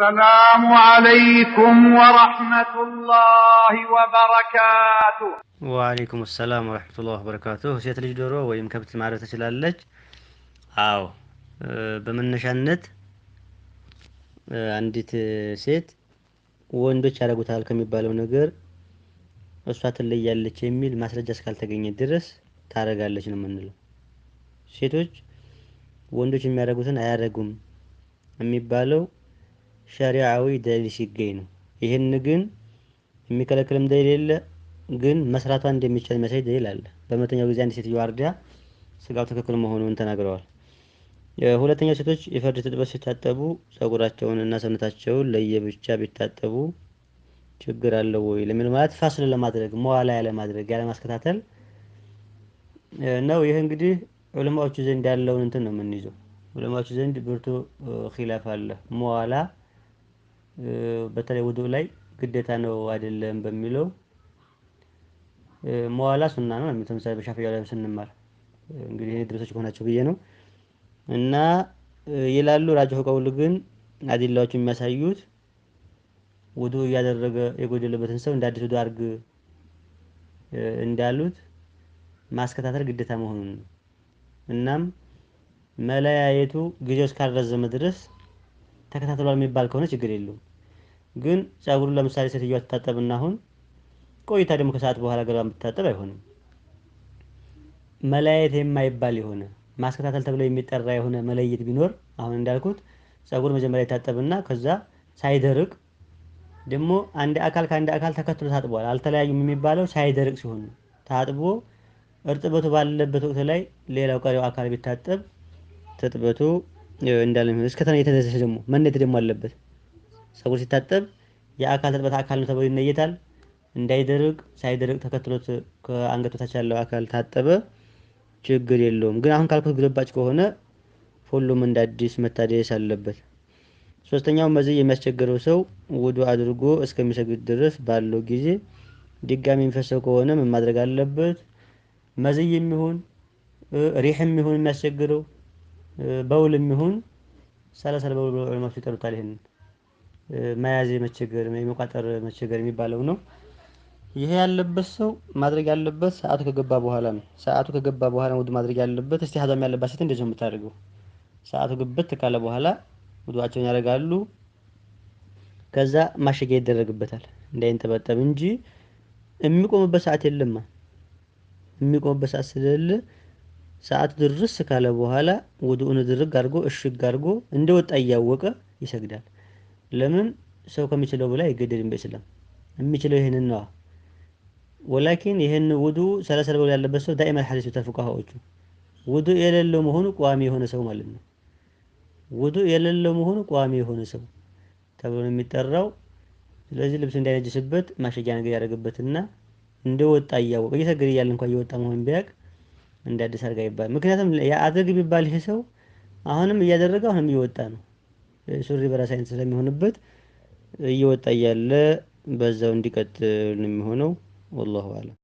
ሰላሙ አለይኩም ወረሕመቱላህ ወበረካቱ። ወአለይኩም ሰላም ወረሕመቱላህ ወበረካቱ። ሴት ልጅ ዶሮ ወይም ከብት ማረድ ትችላለች? አዎ፣ በመነሻነት አንዲት ሴት ወንዶች ያደርጉታል ከሚባለው ነገር እሷ ትለያለች የሚል ማስረጃ እስካልተገኘ ድረስ ታደርጋለች ነው የምንለው። ሴቶች ወንዶች የሚያደርጉትን አያደርጉም የሚባለው ሸሪዓዊ ደሊል ሲገኝ ነው። ይህን ግን የሚከለክልም ደሊል የለ፣ ግን መስራቷ እንደሚቻል የሚያሳይ ደሊል አለ። በመተኛው ጊዜ አንድ ሴትዮ አርዳ ስጋው ትክክል መሆኑን ተናግረዋል። ሁለተኛው ሴቶች የፈርድ ጥበስ ሲታጠቡ ጸጉራቸውን እና ሰውነታቸውን ለየብቻ ቢታጠቡ ችግር አለው ወይ ለሚል ማለት ፋስል ለማድረግ መዋላ ያለማድረግ ያለማስከታተል ነው። ይህ እንግዲህ ዑለማዎቹ ዘንድ ያለውን እንትን ነው የምንይዘው። ዑለማዎቹ ዘንድ ብርቱ ኪላፍ አለ መዋላ በተለይ ውዱእ ላይ ግዴታ ነው አይደለም በሚለው መዋላ ሱና ነው የሚለው ተምሳሌ በሻፊያ ላይ ስንማር እንግዲህ እኔ ድረሶች ከሆናቸው ብዬ ነው እና ይላሉ። ራጅሁ ቀውል ግን አዲላዎች የሚያሳዩት ውዱ እያደረገ የጎደለበትን ሰው እንደ አዲስ ውዱ አድርግ እንዳሉት ማስከታተል ግዴታ መሆኑን ነው። እናም መለያየቱ ጊዜው እስካልረዘመ ድረስ ተከታትሏል የሚባል ከሆነ ችግር የለውም። ግን ጸጉሩን ለምሳሌ ሴትዮዋ ትታጠብና አሁን ቆይታ ደግሞ ከሰዓት በኋላ ገላ ብትታጠብ አይሆንም። መለያየት የማይባል የሆነ ማስከታተል ተብሎ የሚጠራ የሆነ መለየት ቢኖር አሁን እንዳልኩት ጸጉር መጀመሪያ ይታጠብና ከዛ ሳይደርቅ ደግሞ አንድ አካል ከአንድ አካል ተከትሎ ታጥቧል። አልተለያዩም የሚባለው ሳይደርቅ ሲሆን ታጥቦ እርጥበቱ ባለበት ወቅት ላይ ሌላው ቀሪው አካል ቢታጠብ ትጥበቱ እንዳለ እስከተነ የተደሰ ደግሞ መነት ደግሞ አለበት። ፀጉር ሲታጠብ የአካል እጥበት አካል ነው ተብሎ ይነየታል። እንዳይደርቅ ሳይደርቅ ተከትሎት ከአንገት በታች ያለው አካል ታጠበ ችግር የለውም። ግን አሁን ካልኩት ግልባጭ ከሆነ ሁሉም እንደ አዲስ መታደስ አለበት። ሶስተኛው መዚህ የሚያስቸግረው ሰው ውዱ አድርጎ እስከሚሰግድ ድረስ ባለው ጊዜ ድጋሚ የሚፈሰው ከሆነ ምን ማድረግ አለበት? መዚህ የሚሆን ሪህ የሚሆን የሚያስቸግረው በውል የሚሆን ሰለሰል በውል ብሎ ዑለማዎች ይጠሩታል ይሄንን መያዝ መቸገር የመቋጠር መቸገር የሚባለው ነው። ይሄ ያለበት ሰው ማድረግ ያለበት ሰዓቱ ከገባ በኋላ ነው። ሰዓቱ ከገባ በኋላ ውድ ማድረግ ያለበት እስቲ ሀዛም ያለባት ሴት እንደዚህ ነው የምታደርገው። ሰዓቱ ግብት ካለ በኋላ ውዷቸውን ያደርጋሉ። ከዛ ማሸጊያ ይደረግበታል እንዳይንጠበጠብ እንጂ የሚቆምበት ሰዓት የለማ። የሚቆምበት ሰዓት ስለሌለ ሰዓቱ ድርስ ካለ በኋላ ውዱእን ድርግ አድርጎ እሽግ አድርጎ እንደወጣ እያወቀ ይሰግዳል። ለምን ሰው ከሚችለው በላይ አይገደድም በእስላም የሚችለው ይህንን ነዋ ወላኪን ይህን ውዱ ሰለሰል በላይ ያለበት ሰው ዳኢማ ሐዲስ ይወታል ፉቃሃዎቹ ውዱ የሌለው መሆኑ ቋሚ የሆነ ሰው ማለት ነው ውዱ የሌለው መሆኑ ቋሚ የሆነ ሰው ተብሎ ነው የሚጠራው ስለዚህ ልብስ እንዳይነጅስበት ማሸጊያ ነገር ያደርግበትና እንደወጣ እያወቀ እየሰገደ እያለ እንኳን እየወጣ መሆን ቢያቅ እንደ አድርጋ ይባላል ምክንያቱም አድርግ ቢባል ይሄ ሰው አሁንም እያደረገ አሁንም እየወጣ ነው ሱሪ በራስ አይነት ስለሚሆንበት እየወጣ እያለ በዛው እንዲቀጥል የሚሆነው። ወላሁ አለም